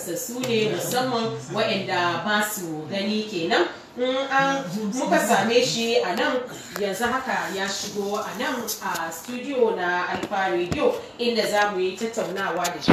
su ne musamman waɗanda ba su gani kenan an muka same shi a nan yanzu haka ya shigo a nan a studio na alfa radio inda za mu yi tattaunawa da shi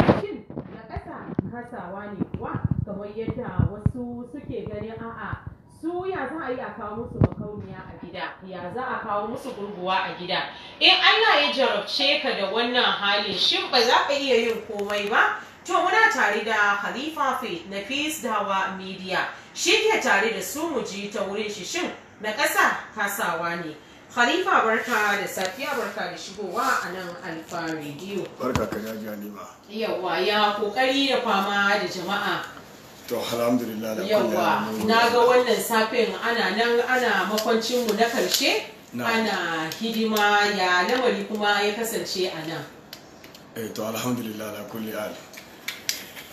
kasawa ne kuwa kamar yadda wasu suke ganin a'a su ya za a yi a kawo musu makauniya a gida ya za a kawo musu gurguwa a gida in Allah ya jarabce ka da wannan halin shin ba za ka iya yin komai ba To muna tare da Khalifa Faith na Peace Dawa Media shi ke tare da su mu ji ta wurin shi shin na ƙasa kasawa ne. Khalifa barka da safiya barka da shigowa a nan Alfa Radio. Barka ka ya Halima. yawa ya kokari da fama da jama'a. To alhamdulillah da Yawwa na ga wannan safin ana nan ana makwancin mu na karshe. Ana hidima ya lamari kuma ya kasance a nan. Eh to alhamdulillah da kulli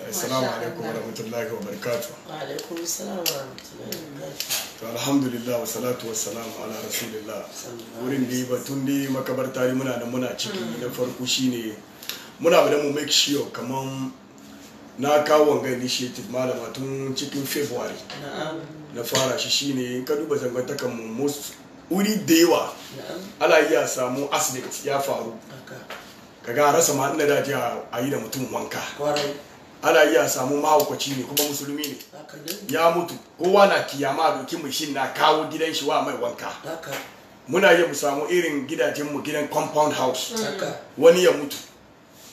Assalamu alaikum warahmatullahi wabarakatuh. Wa alaikum assalam warahmatullahi wabarakatuh. alhamdulillah wa salatu wa salam ala rasulillah. Wurin da batun da makabarta muna da muna ciki hmm. na farko shine muna da mu make sure kaman na kawo wanga initiative malama tun cikin February. Na fara shi shine in ka duba zangantakan mu most wuri da yawa ala iya samu accident ya faru. Kaga rasa ma inda da a yi da mutum wanka. ana iya samu mahaukaci ne kuma musulmi ne ya mutu kowa na kiyama doki mu shi na kawo gidan shi wa mai wanka muna iya mu samu irin gidajen mu gidan compound house wani ya mutu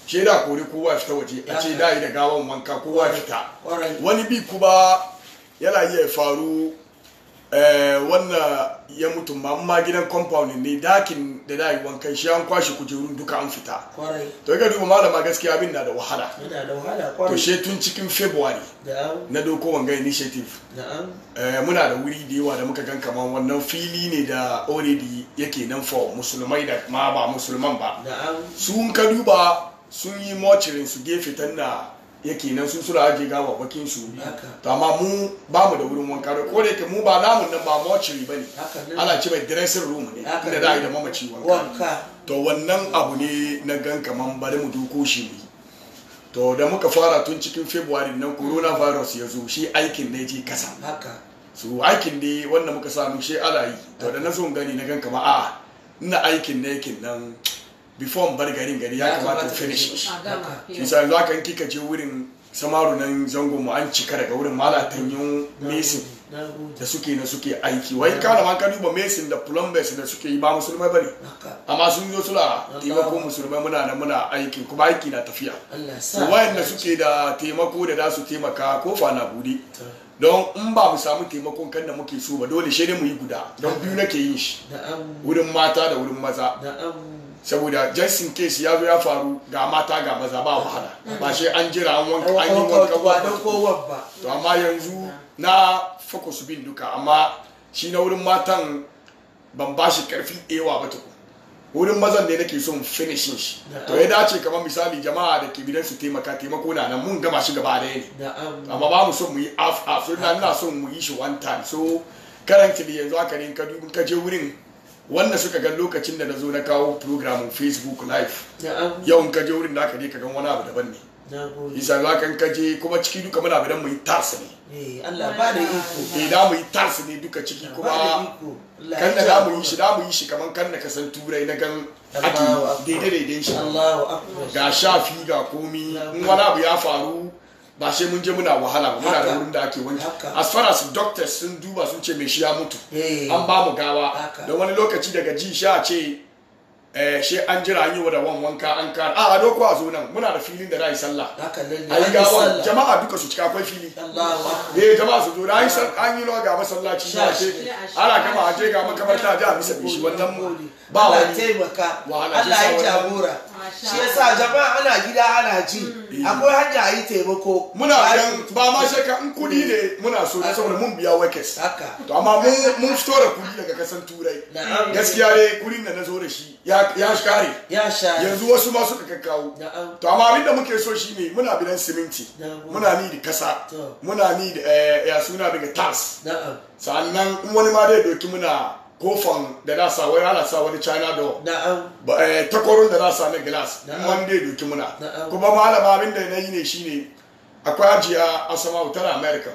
ce da kori kowa fita waje a ce da da gawan wanka kowa fita wani bi kuma yana iya faru Eh, wanda ya mutu ma amma gidan compound ne dakin da da yi wankan shi an kwashi kujerun duka an fita to ga duba malama gaskiya abin na da wahala to she tun cikin february na doko wanga initiative eh, muna da wuri da yawa da muka gan kamar wannan fili ne da already yake nan for musulmai da ma ba musulman ba sun ka duba sun yi mortuary su gefe tanna yake nan sun sura ake gawa bakin su to amma mu ba mu da wurin wanka ko da yake mu ba namun nan ba mortuary bane ana ce mai dressing room ne inda da da mamaci wanka to wannan abu ne na gan kaman bari mu duko shi ne to da muka fara tun cikin february nan coronavirus ya zo shi aikin ne je kasa su aikin ne wanda muka samu shi ala yi to da na zo gani na gan kama a'a ina aikin ne kin nan before bar garin gari ya kamata finish shi sa yanzu haka kika je wurin samaru nan zango mu an cika daga wurin yun mesin da suke na suke aiki wai kana ma ka duba mesin da plumbers da suke yi ba musulmai bane amma sun zo suna taimako musulmai muna muna aiki kuma aiki na tafiya wayanda suke da taimako da za su taimaka fa na bude don in ba mu samu taimakon kan da muke so ba dole shi ne mu yi guda don biyu nake yin shi wurin mata da wurin maza saboda just in case ya zo ya faru ga mata ga maza ba wahala ba shi an jira an wanka an yi wanka ba to amma yanzu na focus bin duka amma shi na wurin matan ban ba shi karfi ewa ba tuku wurin mazan ne nake son finishin shi to ya dace kamar misali jama'a da ke gidansu taimaka taimako na nan mun gama shi gaba daya ne amma ba mu son mu yi half half so ina son mu yi shi one time so da yanzu haka ne ka je wurin wanda suka ga lokacin da na zo na kawo programin facebook live yau ka je wurin da aka je ka gan wani abu daban ne isa za kan ka je kuma ciki duka muna bidan mu yi tars ne eh, Allah ba da iko eh da mu yi tars ne duka ciki kuma kan da mu yi shi da mu yi shi kaman kan da ka san turai na gan ake daidai daidai shi ga shafi ga komi in wani abu ya faru ba sai mun je muna wahala ba muna da wurin da ake wanki as far as doctors sun duba sun ce mai shi ya mutu eh. an ba mu gawa da wani lokaci daga ji sha ce eh she an jira an yi wa da wan wanka an kara a ado ko a zo nan muna da filin da rai sallah yi gawa jama'a duka su cika akwai fili eh jama'a su zo rai sallah an yi loga masallaci a ce ana gama aje ga a da a bisa shi wannan ba wani taimaka Allah ya jagora shi yasa jama'a ana gida ana ji mm. akwai hanya a yi taimako muna gan ba ma shakka in kudi ne muna so saboda mun biya workers to amma mun store kudi daga kasan turai gaskiya ne kudin da na zo da shi ya share yanzu wasu ma suka kakkawo to amma abin da muke so shine muna bidan siminti muna ni da kasa muna ni da eh, ya suna daga tas sannan wani ma dai doki muna kofan da na sa wani ana sa wani china door takwaron da na sa na glass monday duki muna kuma malama abin da na yi ne shine akwai ajiya sama wutar america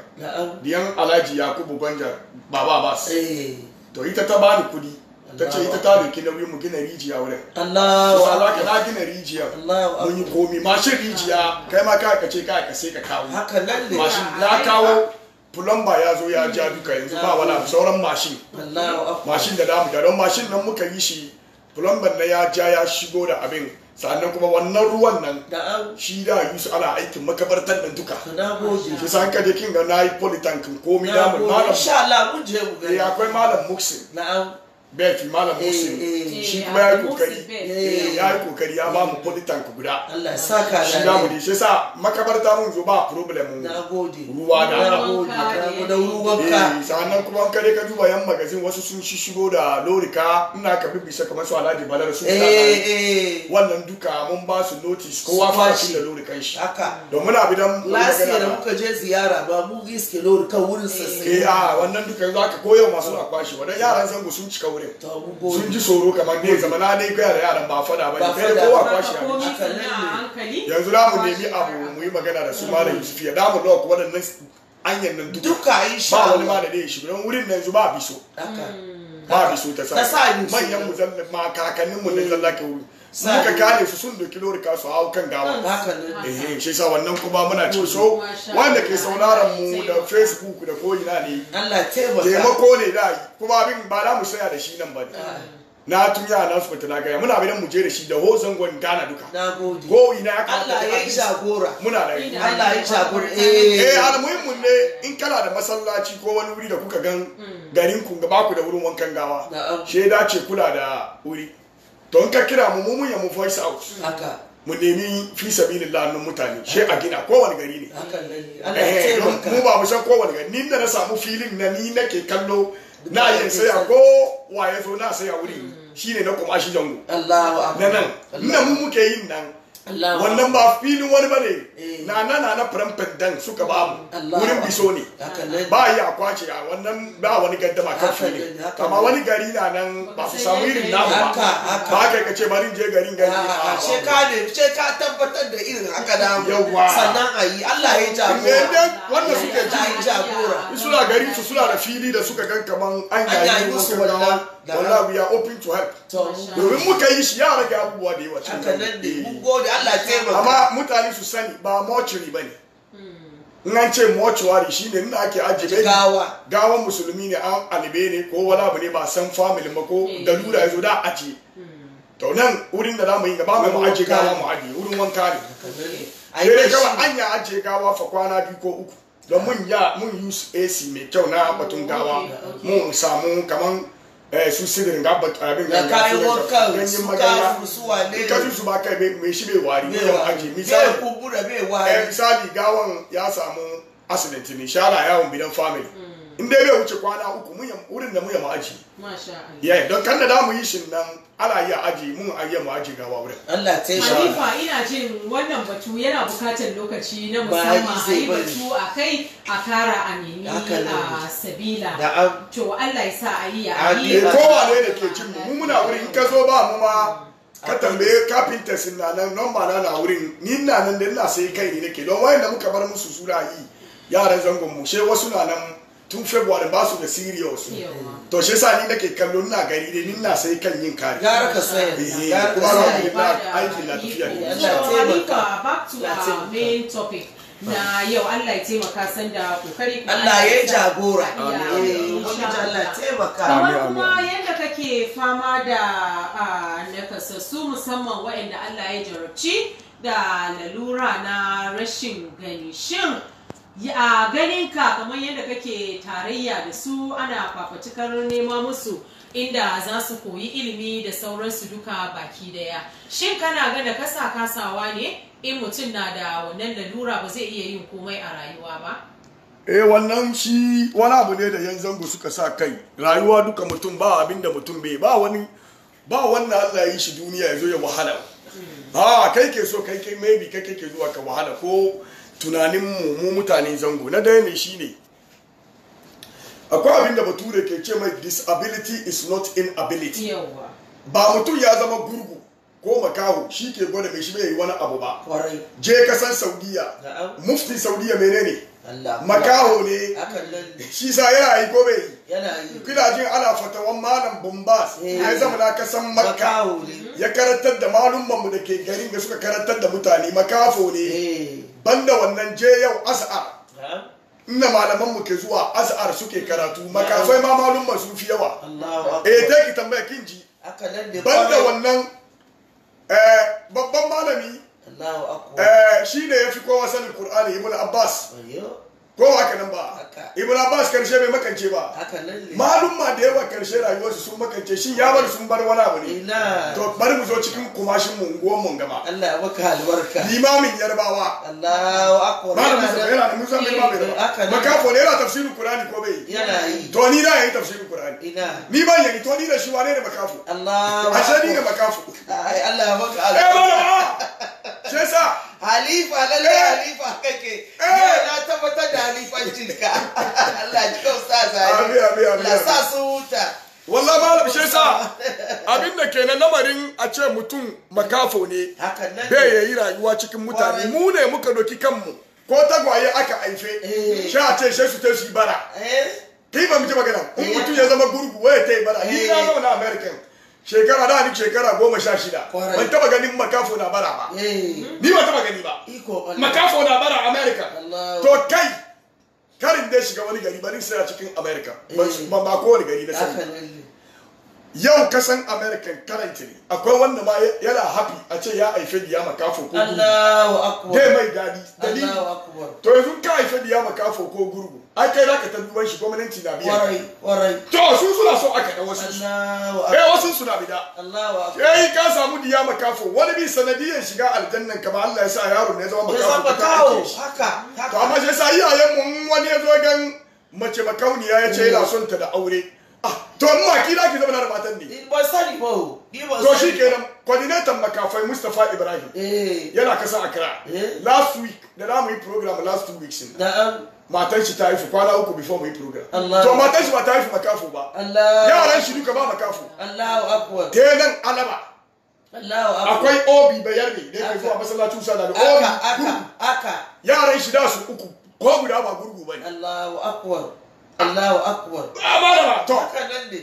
diyan alhaji yakubu banjar baba bas eh. to ita ta bani kudi ta ce ita ta doki nauyin mu gina rijiya wurin Allahu Akbar na gina rijiya mun yi komi mashin rijiya kai ma ka ka ce ka ka sai ka kawo mashin na kawo pulamba ya zo ya ja duka yanzu ba wala sauran mashin mashin da damu da don mashin nan muka yi shi pulamba na ya ja ya shigo da abin sannan kuma wannan ruwan nan shi da yusu ana aikin makabartar nan duka shi san kaje kin ga na yi politankin komi da malam eh, akwai malam muksin bet malam musu shi kuma ya kokari ya yi kokari ya ba mu guda shi na mu shi sa mun zo ba problem ruwa da da sannan kuma kare ka duba yan magazin wasu sun shi shigo da lorika ina ka alhaji balar duka mun ba su notice kowa shi da lorikan shi don muna bidan da muka je ziyara ba mu iske lorikan wurin sassai eh a wannan duka koyo masu akwashi sun ji tsoro kamar ne zama na dai gaya da yaran ba fada ba ne kai kowa kwashi abinci yanzu za mu nemi abu mu yi magana da su malam yusuf ya damu da kuma nan anyan nan duka ba wani ma da dai shi don wurin nan yanzu ba biso ba biso ta sa manyan mu zalla ma kakannin mu ne eh. zalla ke wuri muka kare su sun doki lori ka su hau kan gawa ehe shi sa wannan kuma muna ci so wanda ke sauraron mu da facebook da ko ina ne Allah taimako ne da kuma abin ba za mu saya da shi nan ba ah. na tun yara na su fita na gaya muna bidan mu je da shi da hozon gwan gana duka ko ina ya kama Allah ya jagora muna da Allah ya jagora eh eh almuhimmin ne in kana da masallaci ko wani wuri da kuka gan hmm. garin ku ga baku da wurin wankan gawa shaida ce kula da wuri to ka kira mu mun ya mu voice out haka mu nemi fi sabilillah nan mutane she a gina kowane gari ne eh mu ba mu san kowane gari ni da na samu filin na ni nake kallo na yin saya ko ya zo na saya wuri mm. ne na kuma shi jango Allahu akbar nan nan mu muke yin nan wannan ba filin wani bane eh. na na na na faramfin dan suka ba mu wurin biso ne ba yi akwace kwace a wannan ba wani gaddama kan ne kama wani gari na nan ba su samu irin namu ba ba ka kace barin je garin gari a ce ka ne ce ka tabbatar da irin haka da mu sannan a yi Allah ya jagora ne wanda suke ji suna garin su suna da fili da suka gan kaman an yayi musu wallahi we are open to help domin muka yi shi ya rage abubuwa da yawa cikin amma mutane su sani ba mortuary ba ne hmm. in an ce mortuary shi ne nuna ake ajiye gawa gawan musulmi ne an alibe ne ko wala abu ne ba san family ba ko hmm. lura ya zo da ajiye hmm. to nan wurin da zamu yi gaba mai mu ajiye gawa mu ajiye wurin wanka ne sai kawai an ya ajiye gawa fa kwana biyu ko uku don mun ya mun use AC mai kyau na batun gawa mun samu kaman Eh, su sigirin ga abin da kayan wankan su kasu su wane ka su ba kai mai shi bai wari ne ya aje misali bai kubura bai wari eh, misali gawan ya samu accident ne shara yawon bidan family mm. in dai bai wuce kwana uku wurin da muya ma'aji ya don kan da damu yi shi nan ala ya aji mun ayya mu aji gawa wurin Allah ta yi Halifa ina jin wannan batu yana bukatar lokaci na musamman a yi batu a kai a kara a nemi a sabila to Allah ya sa a yi a yi kowa ne da ke jin mu muna wurin in ka zo ba mu ma ka tambaye kafinta sun na nan nan ba na wurin ni na nan da ina sai kai ne nake don wayan mu muka bar musu sura yi yaran zangon mu she wasu na nan tun februari ba su da siriya wasu to shi sa ni nake kallo na gari da nina sai kan yin kari eh, ya ka sai ya ka sai ya raka sai ya raka sai ya raka sai na yau Allah ya taimaka san da kokari Allah ya jagora eh, amin Allah ya taimaka kamar kuma yadda kake fama da nakasassu musamman waɗanda Allah ya jarabci da lalura na rashin gani shin ya ganin ka kamar yadda kake tarayya da su ana fafatukar nema musu inda za su koyi ilimi da sauransu duka baki daya shin kana gada kasa kasawa ne in mutum na da wannan lalura ba zai iya yin komai a rayuwa ba eh wannan shi wani abu ne da yan zango suka sa kai rayuwa duka mutum ba abin da mutum bai ba wani ba wannan Allah yi shi duniya ya zo ya wahala ba hmm. kai ke so kai kai maybe kai ke zuwa ka wahala ko tunanin mu mutane zango na daya ne shine akwai abin da bature ke ce mai disability is not inability ba mutum ya zama gurgu ko makaho shi ke gwada mai shi bai yi wani abu ba je kasan saudiya Mufti saudiya menene makaho ne shi sa yana yi ko bai yi jin ana fatawan malam bombas ya eh. zama na kasan makka ya karantar da malumman mu da ke garin da suka karantar da mutane makafo ne eh. banda wannan je yau azhar inda malaman mu ke zuwa azhar suke karatu makasai ma malum masu fi yawa eh dai ki tambaya kin ji banda wannan eh, babban malami eh shine yafi kowa sanin qur'ani ibn abbas ko haka nan ba ibn abbas karshe bai makance ba malum ma da yawa karshe rayuwarsu sun makance shin ya bar sun bar wani abu ne to bari mu zo cikin kumashin mu goma mun gaba Allah ya baka albarka limamin yarbawa Allahu akbar malum sa yana da musa mai mabe eh, eh, makafo ne yana tafsirin qur'ani ko bai yana yi to ni da yayi tafsirin qur'ani ina ni ban yayi to ni da shi wane ne makafo Allah ashe ni ne makafo Allah ya baka eh, albarka eh ba sai sa halifa lalle eh. halifa kake eh. na tabbatar da halifancin ka Allah ji kau sa zari la sa su huta wallahi malam shi sa abin da kenan lamarin a ce mutum makafo ne bai yayi rayuwa cikin mutane mu ne muka doki kanmu ko tagwaye aka aife eh. shi a ce shi su ta shi bara kai ba mu ji magana in mutum ya zama gurgu waya ta yi bara ni na zama na american shekara da ni shekara goma sha shida ban taba ganin makafo na bara ba eh. ni ba taba gani ba makafo na bara america to kai karin dai shiga wani gari ba ni sai cikin america ba ba eh. kowane gari na sani yau kasan american ne. akwai wanda ma yana happy a ce ya haife diya makafo ko gurgu allahu dai mai dadi dali to yanzu ka haife diya makafo ko gurgu ai kai zaka ta duban shi gwamnati na biya warai warai to su suna so aka eh, da wasu eh wasu suna bida Allahu akbar eh ka samu diya makafo wani bi sanadiyar shiga aljannan kamar Allah ya sa yaro ne zama makafo haka haka to amma sai sai iyayen mu wani ya zo gan mace makauniya ya ce mm. yana son ta da aure to mu akida ki zama da matan ne eh, ba sani ba to shi kenan coordinator makafai Mustapha Ibrahim eh. yana kasa Accra eh. last week da n'a mu yi program last two weeks na'am matan shi ta haifu kwana uku before mu yi program to matan shi ba ta haifu makafo ba yaran shi duka ba makafo Allahu akbar kenan alaba akwai obi bayar ne da yake zuwa masallacin sada da obi aka aka yaran shi da su uku ko guda ba gurgu bane Allahu akbar Allahu akbar. Malama to.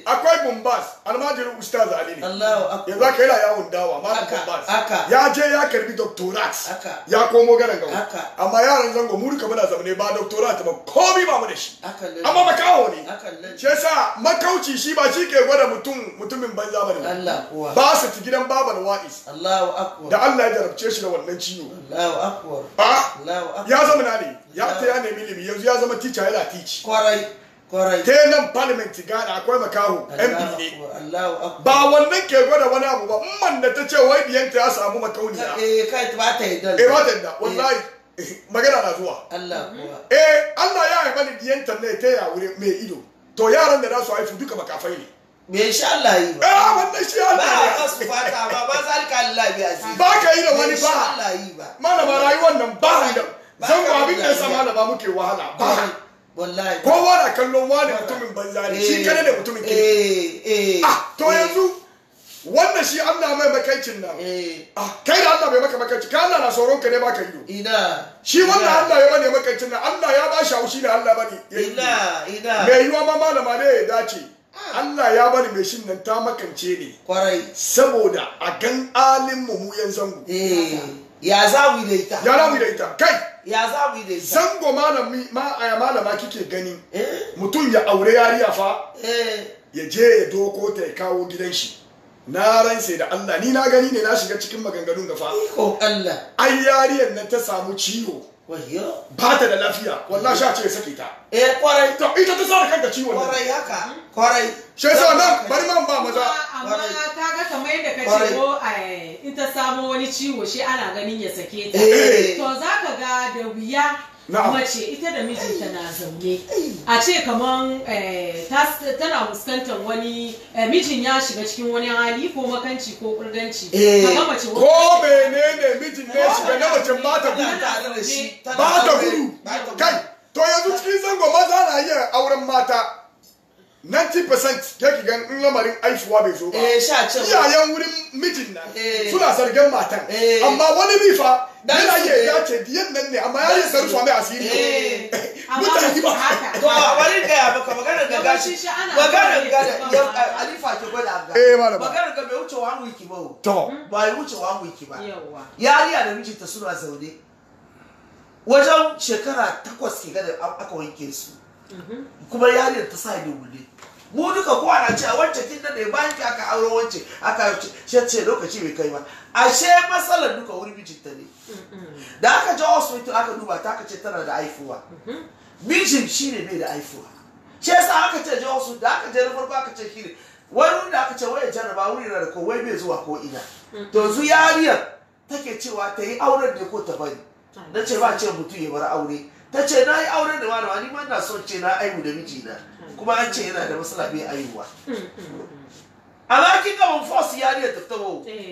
Akwai Bumbas, almajirin Ustaz Ali ne. Allahu akbar. Yanzu aka yana yawon dawa, malam Bumbas. Ya je ya karbi doctorate. Ya komo garan gawo. Amma yaran zango mu duka muna zaune ba doctorate ba komai ba mu da shi. Amma makawo ne. Shi yasa makauci shi ba shi ke gwada mutum mutumin banza ba ne. Allah kuwa. Ba su ci gidan baban Wa'is. Allahu akbar. Da Allah ya jarabce shi da wannan ciwo. Allahu akbar. Ah, ya zama ne. Ya ta ya nemi ilimi yanzu ya zama teacher yana teach. Kwarai. ta nan parliament gada akwai makaho mp ne ba wannan ke gwada wani abu ba man da ta ce wai diyanta ya samu makauniya eh kai ba ta yi dal eh ba eh. wallahi eh, magana na zuwa Allah eh Allah ya haifa ni diyanta ne ta ya wuri mai ido to yaran da za su haifu duka makafai ne me shi Allah yi ba eh wannan shi Allah ba su fata ba ba zalika Allah bi asiri ba ka yi da wani ba Allah yi ba malama rayuwar nan ba zan ba abin da sama da ba muke wahala ba wallahi kowa na kallon wani mutumin banza ne shi eh, kare da mutumin kiri eh, eh, ah to yanzu wannan shi Allah mai makaicin nan ah kai da Allah bai maka makaici ka Allah na tsoron ka ne ba ka yi ina shi wannan Allah ya bane makaicin nan Allah ya ba shi haushi ne Allah bane ina ina mai yiwa ma malama ne ya dace ah. Allah ya bani mai shin nan ta makance ne kwarai saboda a gan alim mu mu yan zango eh ya zawi da ita ya zawi da ita kai ya za mu yi da ita zango malami malama kike gani eh? mutum ya aure yariya fa eh. ya je ya doko ta ya kawo gidan shi na sai da Allah ni na gani ne na shiga cikin maganganun fa ko Allah ai yariyar nan ta samu ciwo wahiyo ba ta da lafiya wallahi sha ce sake ta eh kwarai to ita ta sa da kanta ciwon kwarai haka kwarai shi yasa nan bari man ba maza amma ta ga kamar yadda ka ce ko oh, in ta samu wani ciwo shi ana ganin ya sake ta eh. to zaka ga da wuya mace ita da mijinta na zaune a ce kaman eh, tana fuskantar wani eh, mijin ya shiga cikin wani hali ko makanci ko kurganci eh, kaga ko menene mijin ne shiga na mace ba ta gudu ba ta gudu kai to yanzu cikin zango maza na yin auren mata 90 percent ke ki gan in lamarin aifuwa bai zo ba eh, iyayen wurin mijin nan eh. suna zargin matan eh. amma wani bi fa yana yi ya ce diyan nan ne amma ya yi sarfa mai asiri mutane ba to a wani gaya maka maganar ga gashi maganar ga alifa ke gwada ga eh malama maganar ga bai wuce wa wani wiki ba to ba ya wuce wa wani wiki ba yariya da mijinta suna zaune wajen shekara takwas ke gada aka wanke su mhm. kuma yariyar ta sa ido wule mu duka ko ana cewa wacce kin dade bayan ki aka auro wacce aka ce lokaci bai kai ba ashe matsalar duka wuri mijinta ne da aka je hospital aka duba ta aka ce tana da haifuwa mm-hmm. mijin ne bai da haifuwa shi yasa aka ce je hospital da aka je na farko aka ce shine wani wanda aka ce waya jarraba wuri na da ko wai bai zuwa ko ina to zu yariyar take cewa ta yi auren ne ko ta bari na ce ba ce mutum ya bar aure ta ce na yi auren da wani wani ma na son ce na aibu da mijina kuma an ce yana da matsala bai aiwa amma kin ga mun force ta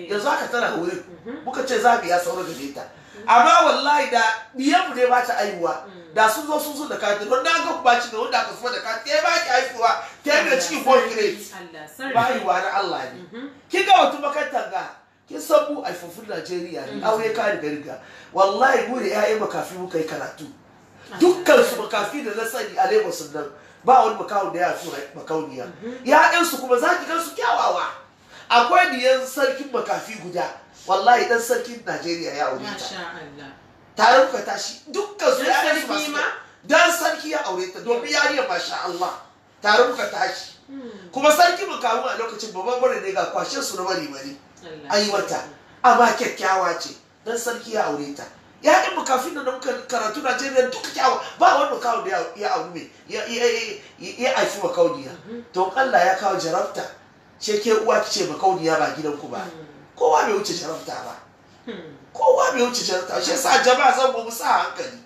yanzu haka tana wurin mhm. muka ce ka ya sauro da ta amma wallahi da biyan ne ba ta ayuwa, hmm. da sun zo sun zo da kati don da aka ba ci da wanda aka kuma da kati ya ba ki haifuwa ta yi da ciki ko grade ba wa na Allah ne mhm. kin ga wata makarantar ga kin san mu fufun Najeriya ne hmm. aure ka riga riga wallahi mu da ƴaƴan makafi muka yi karatu dukkan su makafi da na sani a Lagos nan ba wani makawo da ya su makauniya ya'yansu kuma za ki su kyawawa akwai diyan sarkin makafi guda wallahi dan sarkin najeriya ya aure ta tare kuka tashi dukkan su ya'yansu masu dan sarki ya aure ta domin yariyar masha Allah tare kuka tashi kuma sarki makawun a lokacin babban bare ne ga kwashen su na bari Ayi, ayyuwarta amma kyakkyawa ce dan sarki ya aure ta ya yi makafin da muka karatu Najeriya duka kyawa ba wanda kawo da ya abu ya haifi makauniya to Allah ya kawo jarabta ce ke uwa ki ce makauniya ba gidanku ba kowa bai wuce jarabta ba kowa bai wuce jarabta shi sa jama'a zan mu sa hankali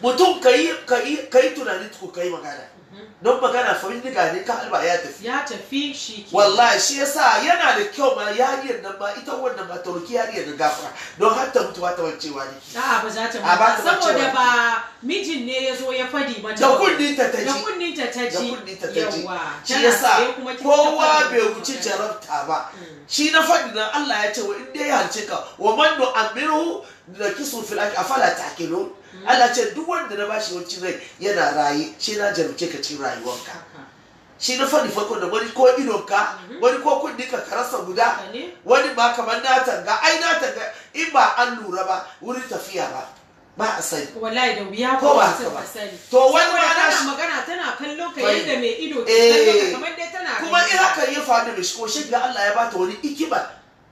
mutum ka yi tunani ku yi magana don magana farin diga ne ka alba ya tafi ya tafi shi ke wallahi shi yasa yana da kyau ma yariyar nan ba ita wannan ba ta roki yariyar da gafara don har ta mutuwa ta wa ne a ba za ta mutu saboda ba mijin ne ya zo ya fadi ba da kunnin ta taji da kunnin ta taji da kunnin ta taji shi yasa kowa bai wuce jarabta ba mm. shi na fadi nan Allah ya ce wa in dai halce ka wa man do amiru da kisun filaki a fala takilun Allah ce duk wanda na bashi wancin rai yana raye shi na jarumce ka cikin rayuwanka shi na fari farko da wani ko idonka mhm. wani ko kundi ka karasa guda wani ba kamar na tanga ai na tanga in ba an lura ba wurin tafiya ba ba a sani wallahi da wuya ko ba a sani to wani ma na shi magana tana kallo ka yadda mai ido ke kallon eh. kamar dai tana kuma in haka ya faru da shi ko shi Allah ya bata wani ikiba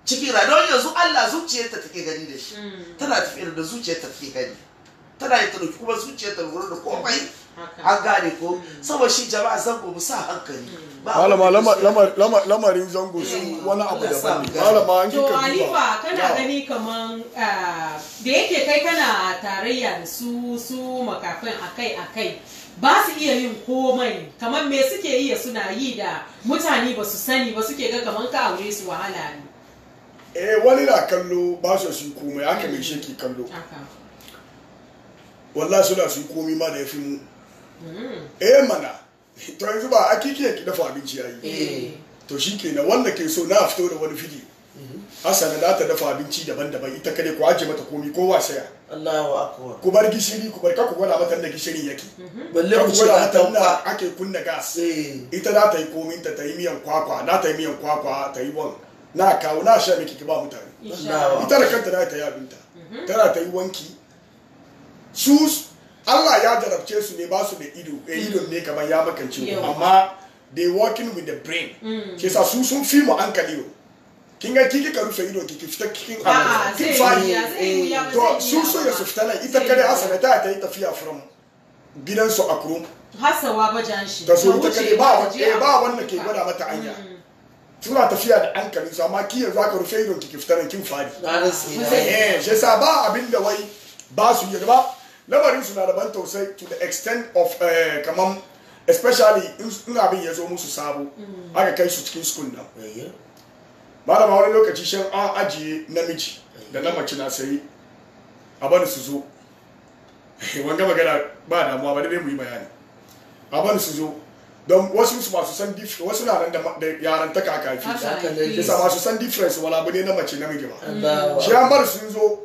cikin don yanzu Allah zuciyarta take gani da shi hmm. tana tafiyar da zuciyarta take gani tana yi ɗauki kuma zuciyarta lura da komai an gane ko hmm. saboda shi jama'a zango mu sa hankali hmm. malama lamarin zango su eh, wani abu da ne malama an kika duba ba kana gani kaman ah, da yake kai kana tarayya da su su makafin akai akai ba su iya yin komai kamar me suke iya suna yi da mutane ba su sani ba suke ga kaman ka aure su wahala ne eh wani na kallo ba su su komai haka mai shi ke kallo wallah suna su komi ma da ya fi mu mm. eh mana to yanzu ba a kike ki dafa abinci yayi eh. to shi kenan wanda ke so na fito da wani fili mm-hmm. Hassana za ta dafa abinci daban-daban ita kare ku aje mata komi kowa saya. Allahu akbar. Ku bar gishiri ku bar ka ku gwada mata da gishirin yake. Mm-hmm. Balle ku gwada mata na ake kunna gas. Eh. Ita da ta yi komin ta ta yi miyan kwakwa, da ta yi miyan kwakwa ta yi wan. na kawo na sha miki ki ba mutane ita da kanta na ta binta mhm. tana ta yi wanki su Allah ya jarabce su ne ba su da ido eh mm. ido ne kamar ya makance amma they working with the brain ke mm. sa su sun fi mu an kaliyo kin ga kiki ka rufe ido kiki fita kikin abu ah, kin fani to su so ya su fita nan ita kare asana ta ta yi tafiya from gidansu a kurum hasawa jan shi ta so ita kare ba eh, ba wanda ke gwada mata anya mm. suna tafiya da hankali su amma ki yanzu aka rufe idon ki fitaran kin fadi eh, shi yasa ba abin da wai ba su yi ba lamarin su na da ban tausayi to the extent of eh, kaman especially in abin ya zo musu sabo mm. aka kai su cikin school nan malama wani lokaci shan an ajiye namiji da na mace na sayi a bani su zo wanga magana ba damuwa ba dai mu yi bayani a bani su zo don wasu ba su san difference wasu na da yaran ta kakafi yasa ba su san difference wala bane na mace namiji ba shi an bar sun zo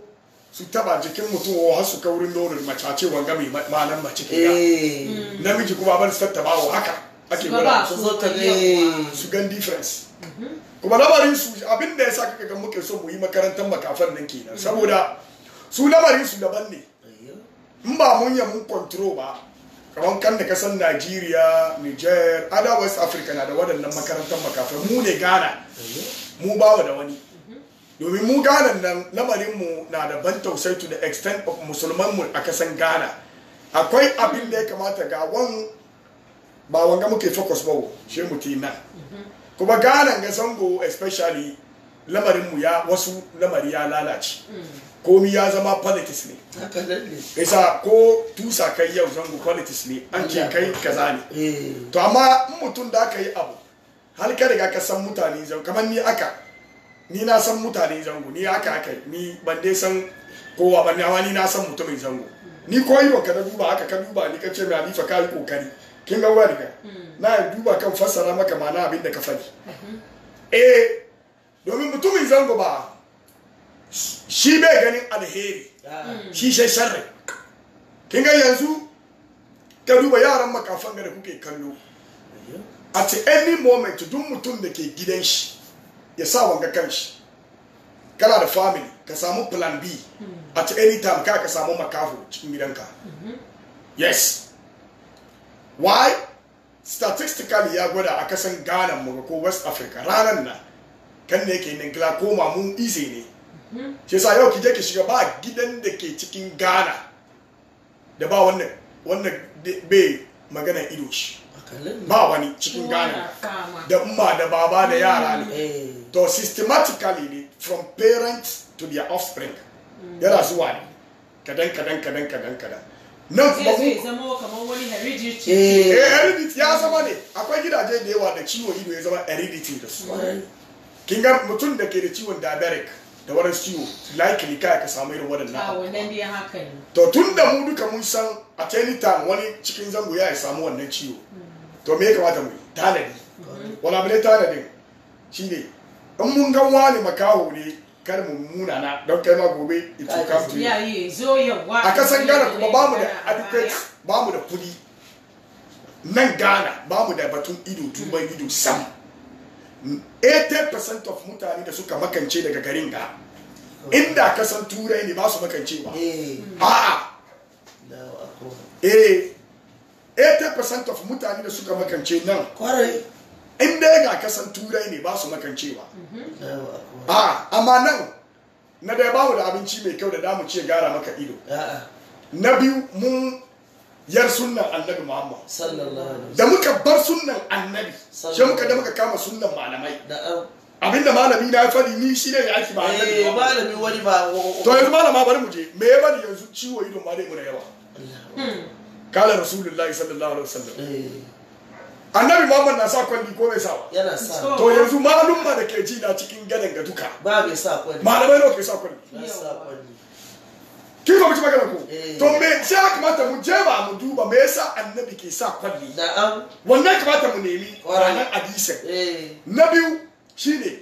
su taba jikin mutum wa har su kaurin nonon macace wanga mai malam mace ke eh. namiji kuma bar su tattaba wa haka ake gura su zo ta su gan difference mm-hmm. kuma lamarin su abin da sa kaka ga muke so mu yi makarantar makafan nan kenan saboda su lamarin su daban ne in ba mun yi mun control ba kamar kan da kasan Najeriya, Niger, ada West Africa na da waɗannan makarantar makafa mu ne Ghana mhm. mu bawa da wani domin mu Ghana nan lamarin mu na da ban tausayi to the extent of musulman mu a kasan Ghana akwai abin da ya kamata ga wan ba wanga muke focus ba shi mu na. Mhm. kuma Ghana ga sango especially lamarin mu ya wasu lamari ya lalace mhm. komi ya zama politics ne yasa ko tusa kai yau zango politics ne an ce kai kaza ne eh. to amma in mutum da aka yi abu har ka riga ka san mutane zango kamar ni aka ni na san mutane zango ni aka aka ni ban dai san kowa ban amma ni na san mutumin zango ni ko yi wa ka duba haka ka duba ni ka ce mai alifa ka yi kokari kin ga wani hmm. na duba kan fassara maka ma'ana abin da ka faɗi mhm. eh domin mutumin zango ba shi bai ganin alheri hmm. shi sai sharri kin ga yanzu ka duba yaran makafan da kuke kallo at any moment duk mutum da ke gidan shi ya sa wanga shi kana da family ka samu plan B hmm. at any time ka ka samu makafu cikin gidanka hmm. yes why statistically ya gwada a kasan Ghana mu ko West Africa ranar nan kan ne yake ne glaucoma mun ize ne shi sa yau ki je ki shiga ba gidan da ke cikin Ghana da ba wannan wannan bai magana ido shi ba wani cikin Ghana da umma da baba da yara ne eh. to systematically ne from parents to their offspring mm. yana zuwa ne kadan kadan kadan kadan kadan nan kuma mu zama kamar wani heredity eh, eh heredity ya zama ne akwai gidaje da yawa da ciwo ido ya zama heredity da su kin ga mutum da ke da ciwon diabetic da wani ciwo likely kai ka samu irin waɗannan ah, a wannan dai haka to tun da mu duka mun san a any wani cikin zango ya samu wannan ciwo hmm. to me ya kamata mu tanadi hmm. wala bale tanadin ne in mun ga wani makaho ne kar mu muna na don kai ma gobe ka fi a kasan gana kuma bamu da adequate bamu da kudi nan gana bamu da batun ido tuban ido sam 80% of mutane da suka makance daga garin ga inda ka san turai ne ba su makance ba a eh 80% eh. of mutane da suka makance nan in dai ga kasan turai ne ba su makance ba a amma nan na da dai bamu da abinci mai kyau da damu ce gara maka ido na biyu mun yar sunnan annabi muhammad da muka bar sunnan annabi shi muka da muka kama sunnan malamai um, abinda malami na fadi ni shi ne aiki ba annabi ba eh, malami wani ba to yanzu malama bari mu je me ya bari yanzu ciwo idon ma dai mu yawa hmm. kala rasulullahi sallallahu alaihi wasallam eh. annabi muhammad na sa kwalli ko bai sa ba yana sa to yanzu malum ma da ke ji da cikin gadan ga duka ba bai sa kwalli malamai ne ke sa kwalli kin fahimci magana ko eh. to me sai ya kamata mu je ba mu duba me yasa annabi ke sa kwalli na'am wannan kamata mu nemi ranar hadisin eh. na biyu shine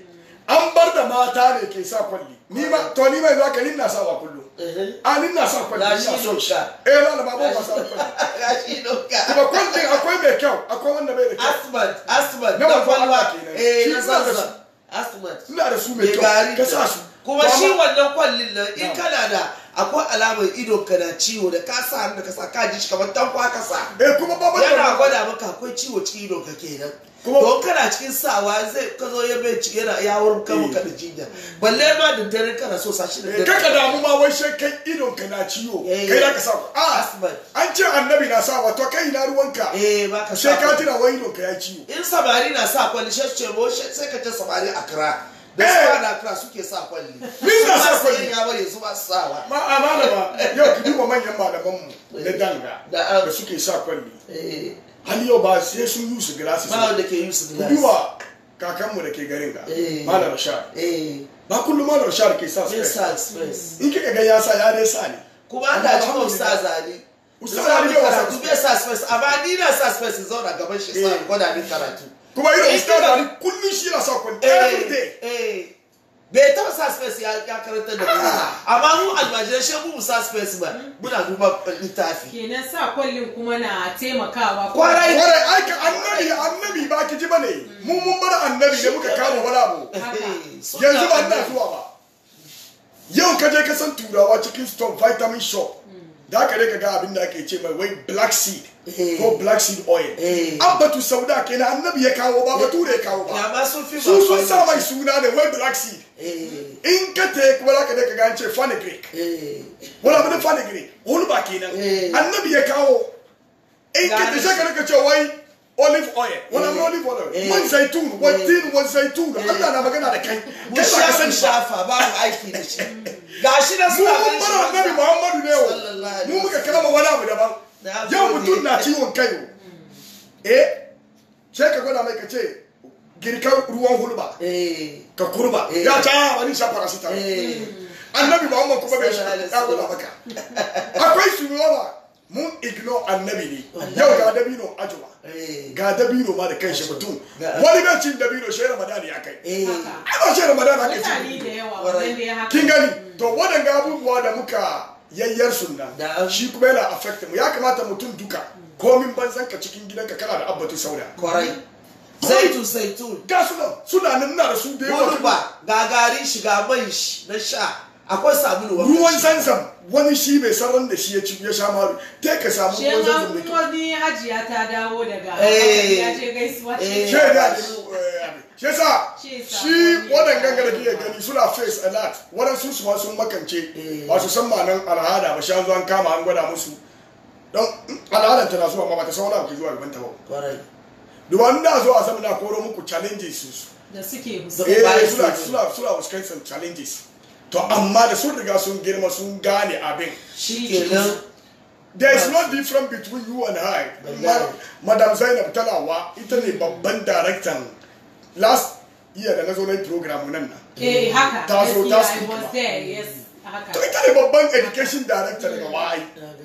an bar da mata ne ke sa kwalli ni ma to ni ma yanzu haka ni na sa wa kullum eh. a ni na sa kwalli na shi sha eh ba ba ba sa kwalli na shi kuma kwalli akwai mai kyau akwai wanda bai da kyau asmat na kwalwa kenan eh na sa asmat ina da su mai kyau ka sa su kuma shi wannan kwallin nan in kana da akwai alamar idon ka na ciwo da ka sa da ka sa ka ji shi kamar tankwa ka sa eh kuma ba yana gwada maka akwai ciwo cikin idon ka kenan to kana cikin sawa zai ka zo ya bai ci yana ya wurin kan ka da eh. jinya balle ma da dare kana so sashi da eh, dare kaka damu ma wai sai kai idon ka na ciwo eh. kai da ka sa a ah, an ce annabi na sa wato kai na ruwanka eh ba ka sai ka tira wai idon ka ya ciwo in samari na sa kwalishe ce bo sai ka ta sabari akra da eh! su na suke sa kwalli suna sa kwalli ya bari su ba su sawa ma a malama yau ki duba manyan malaman mu na eh, danga da suke sa kwalli eh. har yau ba sai sun yi su glasses ba da ke yi su glasses kakan mu da ke garin ga malam rashad ba kullum malam rashad ke sa stress in kika ga ya sa ya dai sa ne kuma ana cikin ustaz ali ustaz ali ya wasa dubbe sa stress amma ni na sa stress zauna gaban shi sa gwada min karatu kuma irin ustaz ni kullum shi yana sa kwani every eh, day eh bai taɓa sa space ya karanta da kuma ah. amma mu almajiran shi mu sa space ba muna duba littafi kenan sa kwallin kuma na taimakawa kwarai kwarai aika annabi annabi ba ki ji bane mu mun bar annabi ne muka kama wani abu eh, yanzu ba ina zuwa ba yau ka je ka san turawa cikin stone vitamin shop hmm. da ka ka ga abin da ake ce mai wai black seed eh. ko black seed oil eh. abbatu sauda kenan annabi ya kawo ba bature ya kawo ba su sun sa mai suna ne wai black seed eh. in ka te kuma za ka ka ga an ce fenugreek wala mun fenugreek wani ba kenan annabi ya kawo in ka te sai ka ce wai olive oil wala mun olive oil man zaitun wa tin wa zaitun Allah na magana da kai kai ba ka san shafa ba aiki da shi gashi da suna ganin shi mun annabi Muhammadu ne yau mu muka kalama wani abu daban yau mutum na ciwon kai hmm. eh sai ka gwada mai ka ce girkan ruwan hulba eh. ka kurba eh. ya ta ah, wani sha paracetamol eh. annabi Muhammadu kuma bai shi ka gwada maka akwai shi yawa mun ignore annabi ne yau ga dabino ajuwa eh. ga dabino ma da kan shi mutum wani bai cin dabino shi ramadan ya kai eh. ai ba shi ramadan aka ci kin gani mm. to waɗanda abubuwa da muka yayyar sunna shi kuma yana affect mu ya kamata mutum duka mm. komin banzan ka cikin gidanka kana da abbatu sauda kwarai mm. zaitun zaitun ga suna suna nan na da su da yawa ga garin shi ga man shi na sha akwai sabulu wani ruwan sansan wani shi bai san da shi ya ci ya sha maru te ka samu ruwan zanzam ne kuma ni hajiya ta dawo daga eh. ya ce gaisuwa ce ce eh. shi eh, sa shi wadan gangara ke gani suna face a lot su ma sun makance ba su san nan al'ada ba sha zuwan kama an gwada musu don al'adar tana zuwa ma ba ta san wani abu ke zuwa gaban ta ba duba da zuwa sama na koro muku challenges su da suke suna suna suna fuskantar challenges to amma da sun riga sun girma sun gane abin shi kenan there is no difference between you and I madam Zainab Talawa ita ne babban director last year da na zo na program nan na eh haka ta zo ta to ita ne babban education director daga wai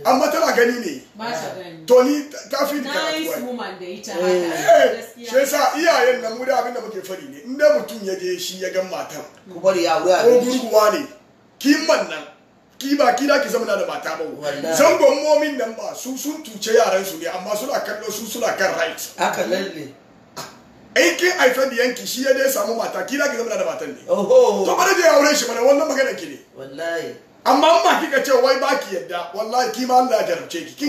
amma tana gani ne to ni ta fi da eh, karatu eh, shi yasa iyayen nan mu da abin da muke fari ne in dai mutum ya je shi ya gan matan ku bari ya wuya ko gurguwa ne kimman nan ki ba ki da ki zama da mata ba zangon momin nan ba su sun tuce yaran su ne amma suna kallo su suna kan right haka lalle aiki kin da biyanki shi ya dai samu mata ki za ki zama da matan ne to bari ya aure shi mana wannan magana ki ne wallahi amma amma kika ce wai ba ki yadda wallahi ki ma Allah ya jarabce ki kin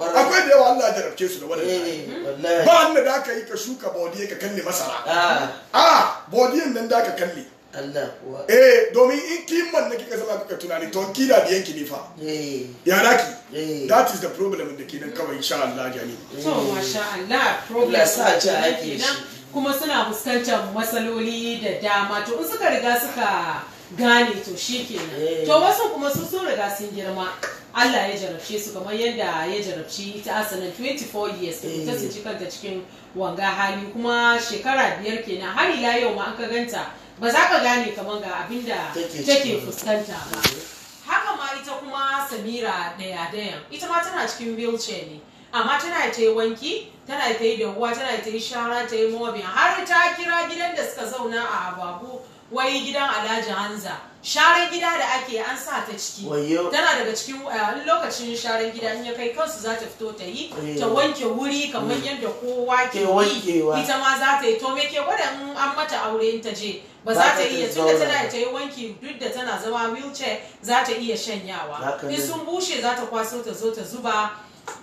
akwai da yawa Allah ya jarabce su da wannan eh, ba Allah da ka yi ka shuka bodiye ka kalle masara a ah. ah, bodiyen nan da ka kalle Allah kuwa eh domin in ki kin mallaki kasar ka tunani to ki da biyan ki ne fa eh ya raki eh. that is the problem da ke nan kawai insha Allah jani to eh. masha Allah problem sa ci ake shi kuma suna fuskantar masaloli da dama to in suka riga suka gane to shikenan eh. to wasu kuma su sun riga sun girma Allah ya jarabce su kamar yadda ya jarabci ta asalin 24 years da ta tsinci kanta cikin wanga hali kuma shekara biyar kenan har ila yau ma an ka ganta ba za ka gane kamar ga abin da take fuskanta ba mm-hmm. haka ma ita kuma samira daya daya ita ma tana cikin wheelchair ne amma tana ta yi wanki tana ta yi dahuwa tana ta yi shara ta yi mobin har ta kira gidan da suka zauna a ababu wai gidan alhaji hanza sharan gida da ake an sa ta ciki tana daga cikin eh, lokacin sharan gida in ya kai kansu za ta fito ta yi ta wanke wuri kamar mm. yadda kowa ke yi ita ma za ta yi to me ke gwada in an mata aure ta je ba za ta iya tun da tana ta yi wanki duk da tana zama wheelchair za ta iya shanyawa in sun bushe za ta kwaso ta zo ta zuba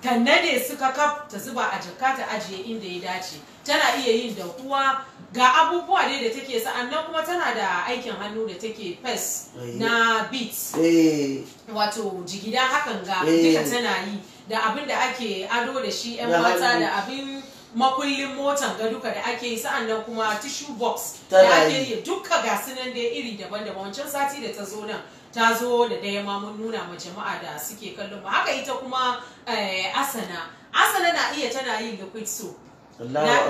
ta nade suka kaf ta zuba a jaka ta ajiye inda ya dace tana iya yin dahuwa ga abubuwa ne da take nan kuma tana da aikin hannu da take fes eh. na beats eh. wato jigida hakan ga eh. duka tana yi da abin da ake ado da shi 'yan mata da abin makullin motan ga duka da ake yi nan kuma tissue box da ake yi duka ga sunan dai iri daban-daban wancan sati da ta zo nan ta zo da daya ma mun nuna ma jama'a da suke kallon ba haka ita kuma asana asana na iya tana yin liquid soap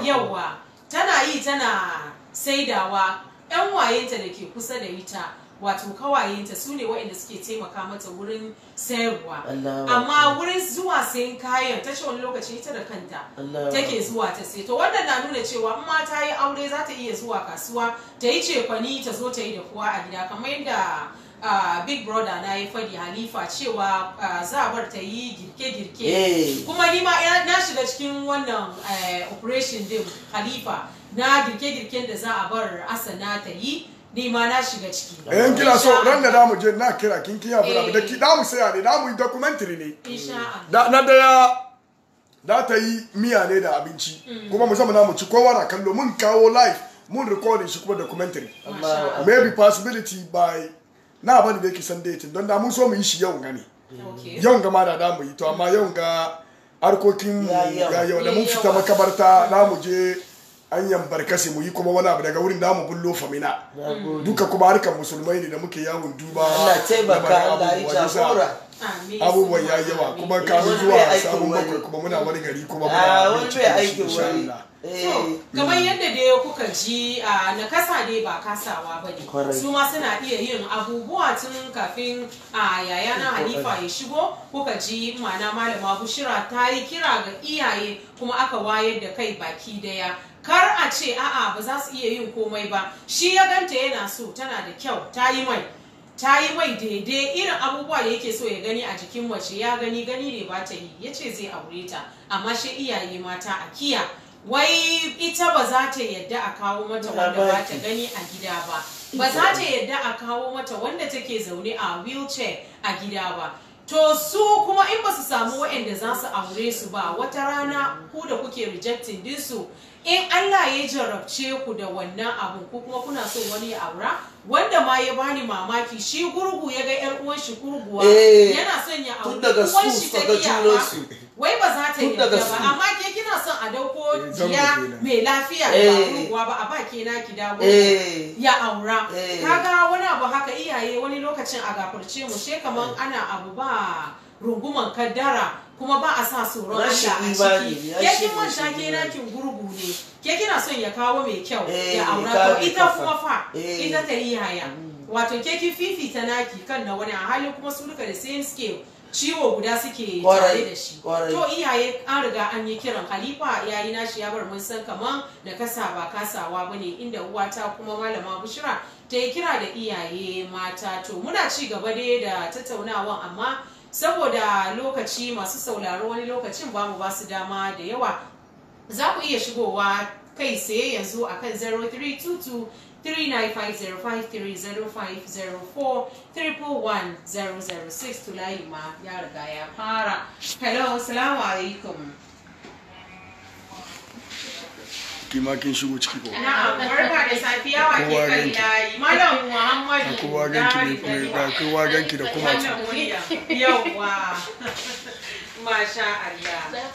yawa tana yi tana saidawa yan wayenta da ke kusa da ita wato kawayenta su ne waɗanda suke taimaka mata wurin sayarwa amma wurin zuwa sayan kayan ta ce wani lokaci ita da kanta take zuwa ta sai to wannan na nuna cewa in ta yi aure za ta iya zuwa kasuwa ta yi cefani ta zo ta yi da kowa a gida kamar yadda uh, big brother na ya faɗi halifa cewa uh, za a bar ta yi girke-girke eh. kuma ni ma na shiga cikin wannan eh, operation din halifa na girke-girken da za a bar asana ta yi ni ma na shiga ciki. Yan eh, kila so ran da damu je na kira kin kiya bura da ki damu saya ne damu yi documentary ne. Da na ya da ta yi miya ne da abinci mm. kuma musamman namu ci kowa na kallo mun kawo live mun recording shi kuma documentary. Maybe possibility by na ni da yake san dating don da mun so mu yi shi yau gani yau ga ma da da mu yi to amma yau ga harkokin ya yau da mun fita makabarta da mu je an yambarkashe mu yi kuma wani abu daga wurin da mu bullo famina duka kuma harkar musulmai ne da muke yawon duba abubuwan ya yawa kuma eh, kamin zuwa sabon bakwai kuma muna wani gari kuma ah, muna eh. kamar yadda dai kuka ji na kasa dai ba kasawa ba ne su ma suna iya yin abubuwa tun kafin yaya na halifa ya shigo kuka ji mana malama bushira ta yi kira ga iyaye kuma aka wayar da kai baki daya kar a ce a'a ba za su iya yin komai ba shi ya ganta yana so tana da kyau ta yi mai ta yi mai daidai irin abubuwa da yake so ya gani a jikin mace ya gani gani ne ba ta yi ya ce zai aure ta amma shi iyaye mata a kiya wai ita ba za ta yadda a kawo mata wanda ba ta gani a gida ba ba za ta yadda a kawo mata wanda take zaune a wheelchair a gida ba to su kuma in ba su samu waɗanda za su aure su ba wata rana ku da kuke rejecting dinsu in Allah ya jarabce ku da wannan abun ku kuma kuna so wani ya aura wanda ma ya bani mamaki shi gurgu ya ga yar uwan shi gurguwa eh, yana son ya aure daga su ga junan su wai ba za ta yarda ba amma ke kina son a dauko eh, jiya mai lafiya ba eh. gurguwa ba a ba ke na ki dawo ya aura kaga wani abu haka iyaye wani lokacin a gafarce mu she kaman ana abu ba runguman kaddara kuma ba a sa tsoron Allah a ciki ke kin shake nakin gurgu ne ke kina son ya kawo mai kyau ya eh, aura to ita kuma fa eh. ita ta yi haya mm. wato ke kin fifita naki kan na wani a hali kuma su duka da same scale ciwo guda suke tare da shi to iyaye an riga an yi kiran khalifa yayi nashi ya bar mun san kaman da kasa ba kasawa bane inda uwata kuma malama bushira ta yi kira da iyaye mata to muna ci gaba dai da tattaunawan amma saboda lokaci masu sauraro wani lokacin ba mu ba dama da yawa za ku iya shigowa kai sai yanzu akan 0322 395050504106 tulayi ma ya riga ya fara hello salamu alaikum kima kin shigo ciki ko na'am barka da safiya wa ke kan da kowa ganki ne kuma da kowa ganki da kuma ci yawa masha Allah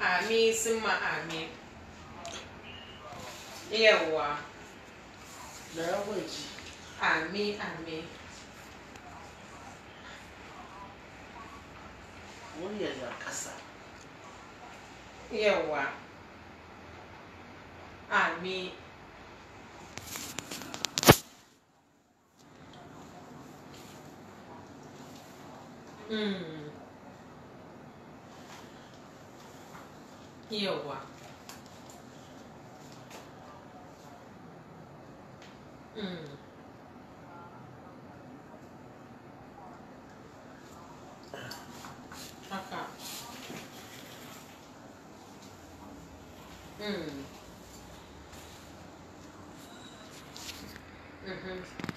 amin sun ma yawa da yawon ji amin amin muryar kasa yawa amin 嗯，也有过，嗯，看嗯，嗯哼。